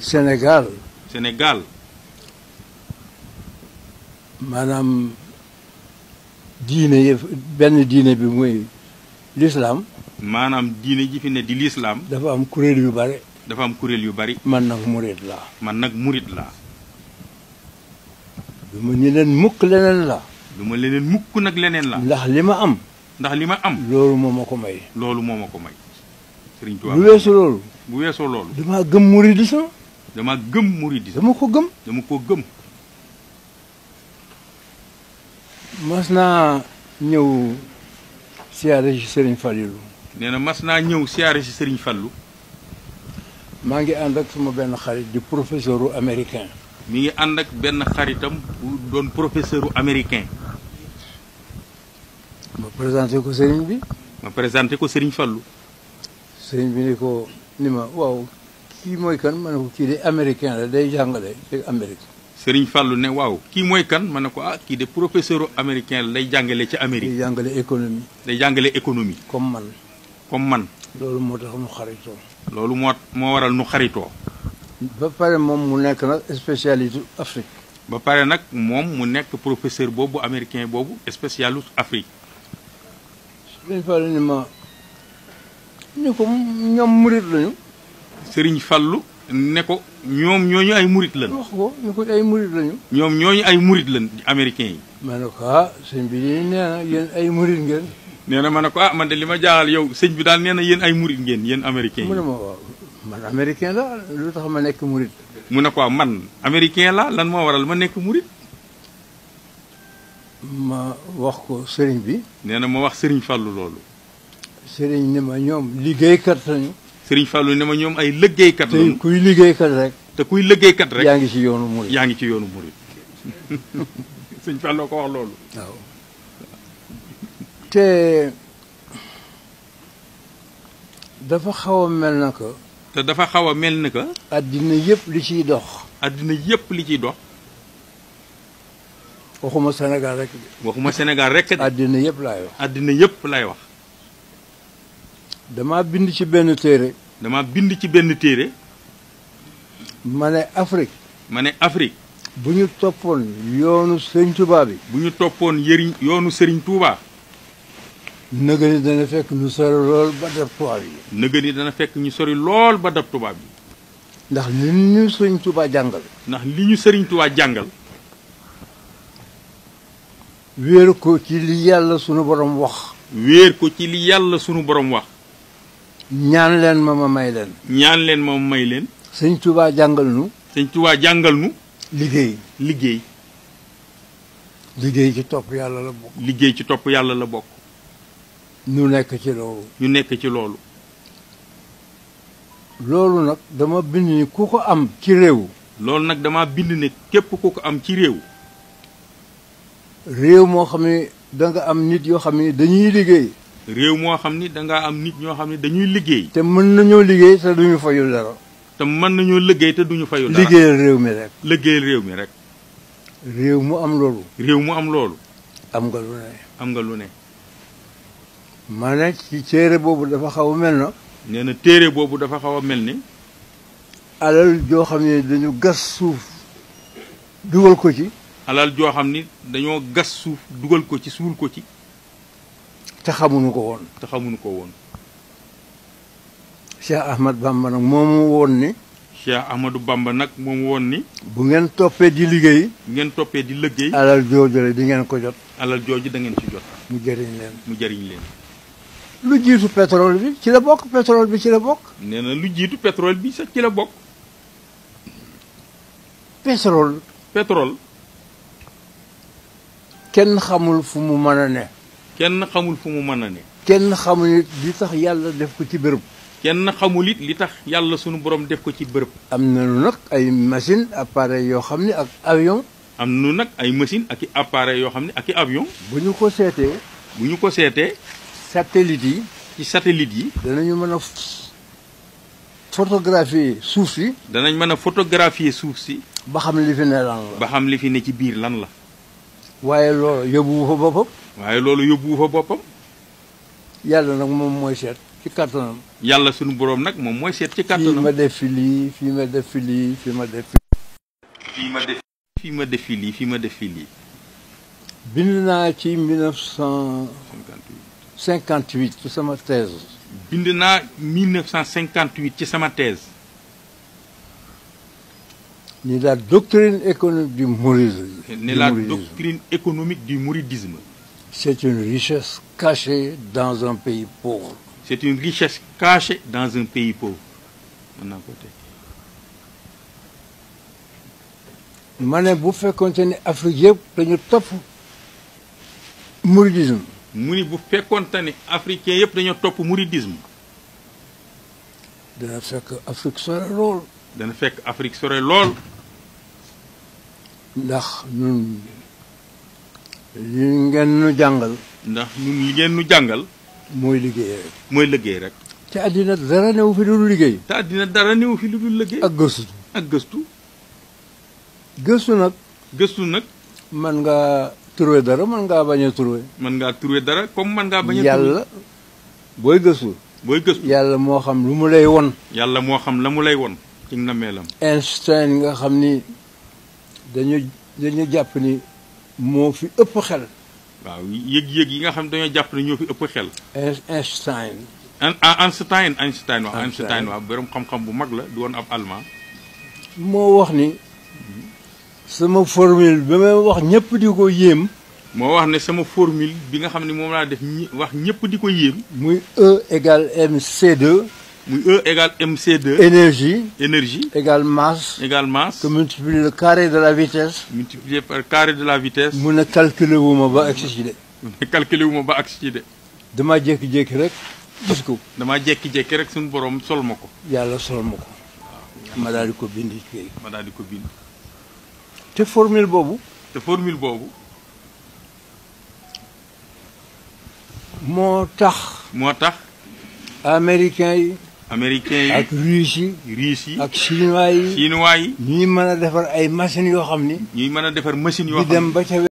Sénégal. senegal maanaam diine yëf benn diine bi muy lislaam maanaam diine ji fi ne di lislaam dafa am kuréel yu bari. dafa am kuréel yu bari. man nag murit laa. man nag murit laa. du ma ñu leen mukk leneen la du ma leneen mukk nag leneen la ndax li ma am. ndax li ma am. loolu moo ma ko may. loolu moo ma ko may. Sëriñ Tuubaa loolu. bu weesoo loolu. damaa gëm muridisme. dama gëm muridisme dama ko gëm dama ko gëm mas naa ñëw siyaare ci Serigne Fallou nee na mas naa ñëw siyaare ci Serigne Fallou maa ngi ànd ak suma benn xarit di professeuru américain mi ngi ànd ak benn xaritam bu doon professeuru américain ma présenté ko Serigne bi ma présenté ko Serigne Fallou sëriñ bi ni ko ni ma waaw kii mooy kan ma ne ko kii de américain la day jàngale ci Amérique. Serigne Fallou ne waaw kii mooy kan ma ne ko ah kii de professeur américain la day jàngale ci Amérique. day jàngale économie. day jàngale économie. comme man. comme man. loolu moo tax mu xaritoo. loolu moo moo waral nu xaritoo. ba pare moom mu nekk nag spécialiste Afrique. ba pare nag moom mu nekk professeur boobu américain boobu spécialiste Afrique. Serigne Fallou ne ma ni ko ñoom murit lañu. sëriñ Fallu ne ko ñoom ñooñu ay murit lan wax ko ne ko ay murit lañu. ñoom ñooñu ay murit lan américain yi. man ne ko ah sëñ bi nee na yéen ay murit ngeen. nee na ma ne ko ah man de li ma jaaxal yow sëñ bi daal nee na yéen ay murit ngéen yéen américain yi. mu ne ma waaw man américain la lu tax ma nekk murit. mu ne ko ah, man américain la lan moo waral ma nekk murit. ma wax ko sëriñ bi. nee na ma wax sëriñ Fallu loolu. sëriñ ne ma ñoom liggéeykat lañu. Serigne Fallou ne ma ñoom ay liggéeykat la te kuy liggéeykat rek. te kuy liggéeykat rek yaa ngi ci yoonu Mouride. yaa ngi ci yoonu Mouride Serigne Fallou ko wax loolu. waaw te dafa xaw a mel na ko. te dafa ni que. addina yëpp li ciy dox. àddina yëpp li ciy dox. waxuma senegal rek. waxuma Sénégal rek. addina yëpp laay wax. addina yëpp lay wax. dama bind ci benn téere dama bind ci benn téere ma ne Afrique ma Afrique bu ñu toppoon yoonu sëriñ Touba bi bu ñu toppoon yëriñ yoonu sëriñ Touba nëga ni dana fekk ñu sori lool ba dab tubaab yi dana fekk ñu sori lool ba dab tubaab yi ndax li ñu sëriñ Touba jàngal ndax li ñu sëriñ Touba jàngal wéer ko ci sunu borom wax wéer ko ci li yàlla sunu borom wax ñaan leen ma ma may leen. ñaan leen ma may leen. sëñ Touba jàngal nu. sëñ Touba jàngal nu. liggéey liggéey. liggéey ci topp yàlla la bokk. liggéey ci topp yàlla la bokk. ñu nekk ci loolu. ñu nekk ci loolu. loolu nag dama bind ni ku ko am ci réew. loolu nag dama bind ni képp ku ko am ci réew. réew moo xam ne da am nit yoo xam ne dañuy liggéey. réew moo xam ni danga am nit ñoo xam ne dañuy liggéey. te mën nañoo liggéey te duñu fayul dara. te mën nañoo liggéey te duñu fayul dara liggéeyal réew mi rek. liggéeyal réew mi rek. réew mu am loolu. réew mu am loolu. am nga lu ne. am nga lu ne. ma ne ci téere boobu dafa xaw a mel na. nee na téere boobu dafa xaw a mel ni. alal joo xam ne dañu gas suuf dugal ko ci. alal joo xam ni dañoo gas suuf dugal ko ci suul ko ci. te xamuñu ko woon. te xamuñu ko woon. Cheikh Ahmad Bamba nag moomu woon ni. Bamba nag moom woon ni. bu ngeen toppee di liggéey. bu ngeen toppee di liggéey. alal jooju la di ngeen ko jot. alal jooju dangeen ci jot. mu jëriñ leen mu jëriñ leen. lu jiitu pétrole bi ci la bokk pétrole bi ci la bokk. nee na lu jiitu pétrole bi sax ci la bokk. pétrole. pétrole. kenn xamul fu mu mën a ne. kenn xamul fu mu mën a ne. kenn xamul it li tax yàlla def ko ci bërëb. kenn xamul it li tax yàlla sunu borom def ko ci bërëb. am nañu nag ay machine appareil yoo xam ne ak avion. am nañu nag ay machine ak i appareil yoo xam ne ak i avion. bu ñu ko seetee. bu ñu ko seetee. satellite yi. ci satellite yi. danañu mën a photographier suuf si. danañ mën a photographier suuf si. ba xam li fi ne lan la. ba xam li fi ne ci biir lan la. waaye loolu yóbbuwu fa boppam. waaye loolu yóbbuwu fa boppam. yàlla nag moom mooy seet ci kattanam. yàlla sunu borom nag moom mooy seet ci kattanam. fii ma def fi lii fii ma def fi lii fii ma def fii ma def fii ma def fi lii fii ma def fi lii. bind naa ci 1958 ci sama thèse. bind naa 1958 ci sama thèse. ni la doctrine économique du mouridisme. ni la doctrine économique du mouridisme. c'est une richesse cachée dans un pays pauvre. c'est une richesse cachée dans un pays pauvre. ma bu fekkoonte ne Afrique yëpp dañu topp mouridisme. mu ni bu fekkoonte ne africain yëpp dañoo topp mouridisme. dana lool. dana fekk Afrique sore lool. ndax ñun li ngeen nu jàngal. ndax ñun li ngeen nu jàngal. mooy liggéey rek. mooy liggéey rek. te àddina dara newu fi lu liggéey. te àddina dara newu fi lu dul liggéey. ak gëstu. ak gëstu. gëstu nag. gëstu nag. man ngaa trouvé dara man ngaa bañ a trouvé. man ngaa trouvé dara comme man ngaa bañ a. yàlla booy gëstu. booy gëstu yàlla moo xam lu mu lay won. yàlla moo xam la mu lay won. ci nameelam. Einstein nga xam ni. dañu dañu jàpp ni moo fi ëpp xel. waaw yëg-yëg yi nga xam dañoo jàpp ne ñoo fi ëpp xel. Einstein. Ah, Einstein Einstein waaw Einstein waaw borom xam-xam bu mag la du woon ab allemand. moo wax ni sama formule bi may wax ñëpp di ko yéem. moo wax ne sama formule bi nga xam ne moom laa def wax ñëpp di ko yéem. muy E égale MC2. mu E égale Énergie. Énergie. Égale masse. Égale masse. Que multiplier le carré de la vitesse. Multiplié par carré de la vitesse. mun a calculer wu ba agsi a calculer wu ma ba agsi damaa jékki-jékki rek gis ko. damaa jékki-jékki rek suñu boroom sol ma ko. yàlla sol ma ko. ma daal di ko bind ci ma daal boobu. te formule boobu. moo tax. moo tax. américain yi. américains yi ak russe yi. russe yi ak chinois yi. chinois yi. ñuy mën a defar ay machines yoo xam ni. ñuy mën a defar machine yoo xam ni. di dem ba ca